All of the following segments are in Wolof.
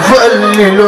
Hallelujah.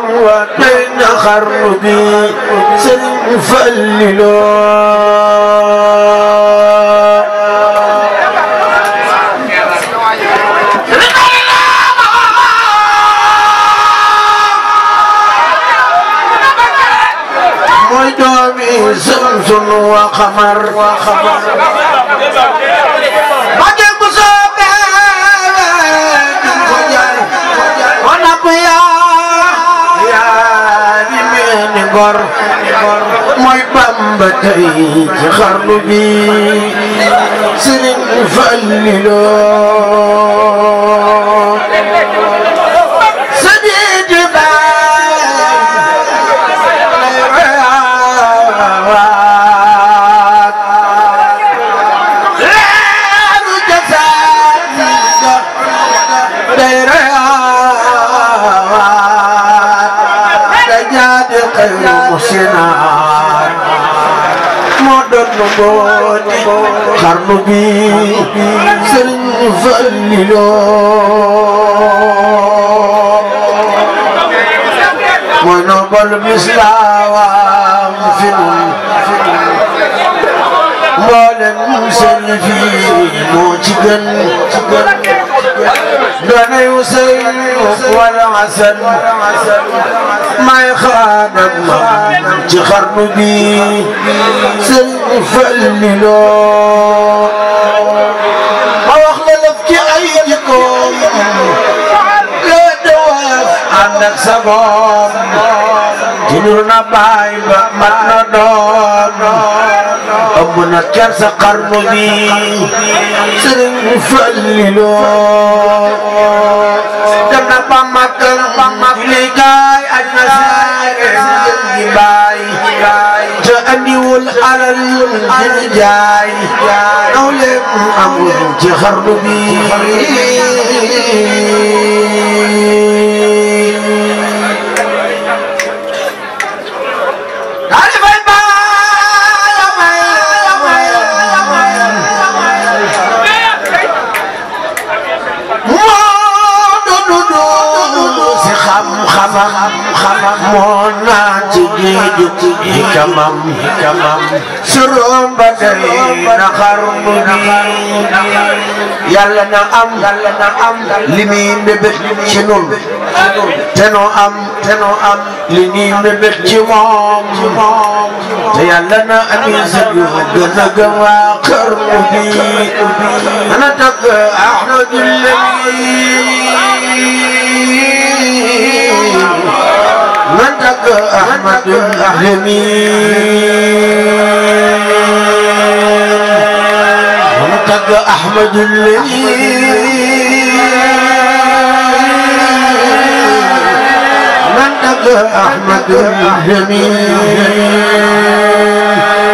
تروى بين خربي سنفللو وقمر وقمر مجل بصوبة ونبيا يا دمين غر موي بامبا تاي خرلو بي سنين فللو doon booti xarnu bi Serigne Falliloo mooy nobal bislaawam fi mboolem seen fi moo ci gën ci gën دون يسيل والعسل ما يخان الله تخرن بي سلم فالملو ما وخنا لفكي أيدكم لا دواف عندك سبب جنورنا باي بأمتنا دون أبنا كرس قرن بي سلم فالملو jaay aw lépp mu amul ci xarnu bi moo naa ci géeju hikamam hikamam suróom ba day na xaru mu nii yàlla na am yàlla na am li muy mébét ci nun te noo am te noo am li ñuy mébét ci moom te yàlla na ami sa yu gën a gën waa kër mu nii ana tagg ahmadul lamin أحمد الذي ننتق أحمد الجميل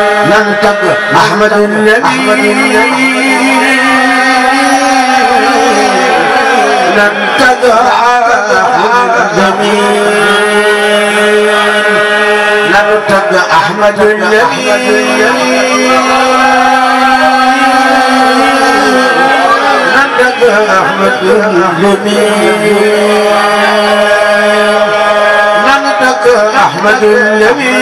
ننتق أحمد النبي ننتق أحمد أحمد النبي محمد أحمد النبي محمد النبي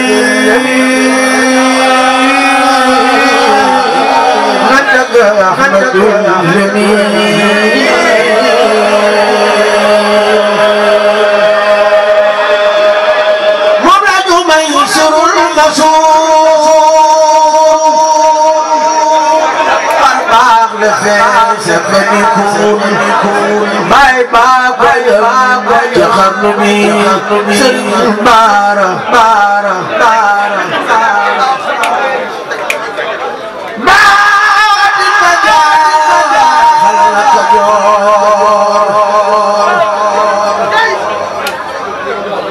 xarnumi sëriñ baara baara baara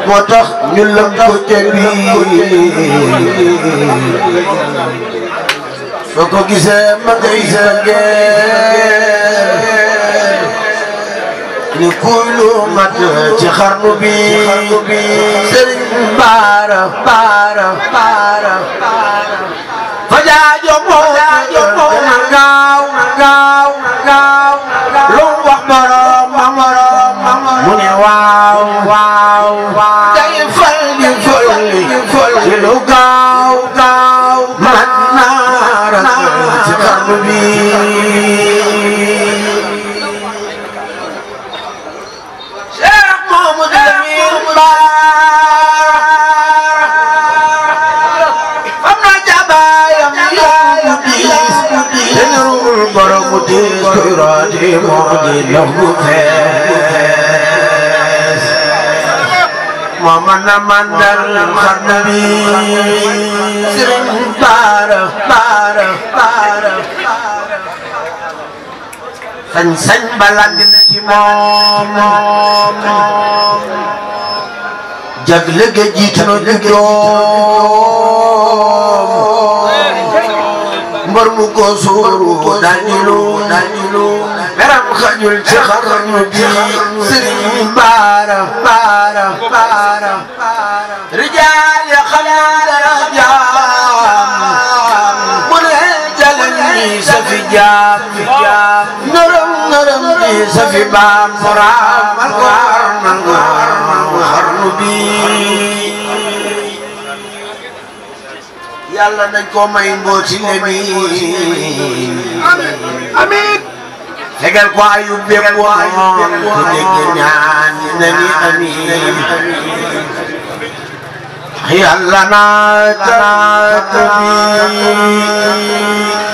moo tax ñu lëm ko jëbi soo ko gisee ma ngay sëngee li kullu mat ci xarnu bi sëriñ baara baara baara baara fajaajo moo di moo di lëmbu fees moo mën a mandal xarnu bi sëriñ baara baara baara sañ-sañ balag ci moom moom jag lëgë jiitu na judoom mbar mu ko suuru dañu lu dañu lu meram xajul ci xarnu bi sëriñ baara baara baara rijaal ya xalaal rajaam mu ne jalan bi sa fi jaam fi jaam ngërëm ngërëm bi sa fi baam moraam mangoor mangoor xarnu bi yàlla nañ ko may mbooti lemi tegal ko ayub bépp moom ku dégg ñaan na ni amiin yàlla naa tabi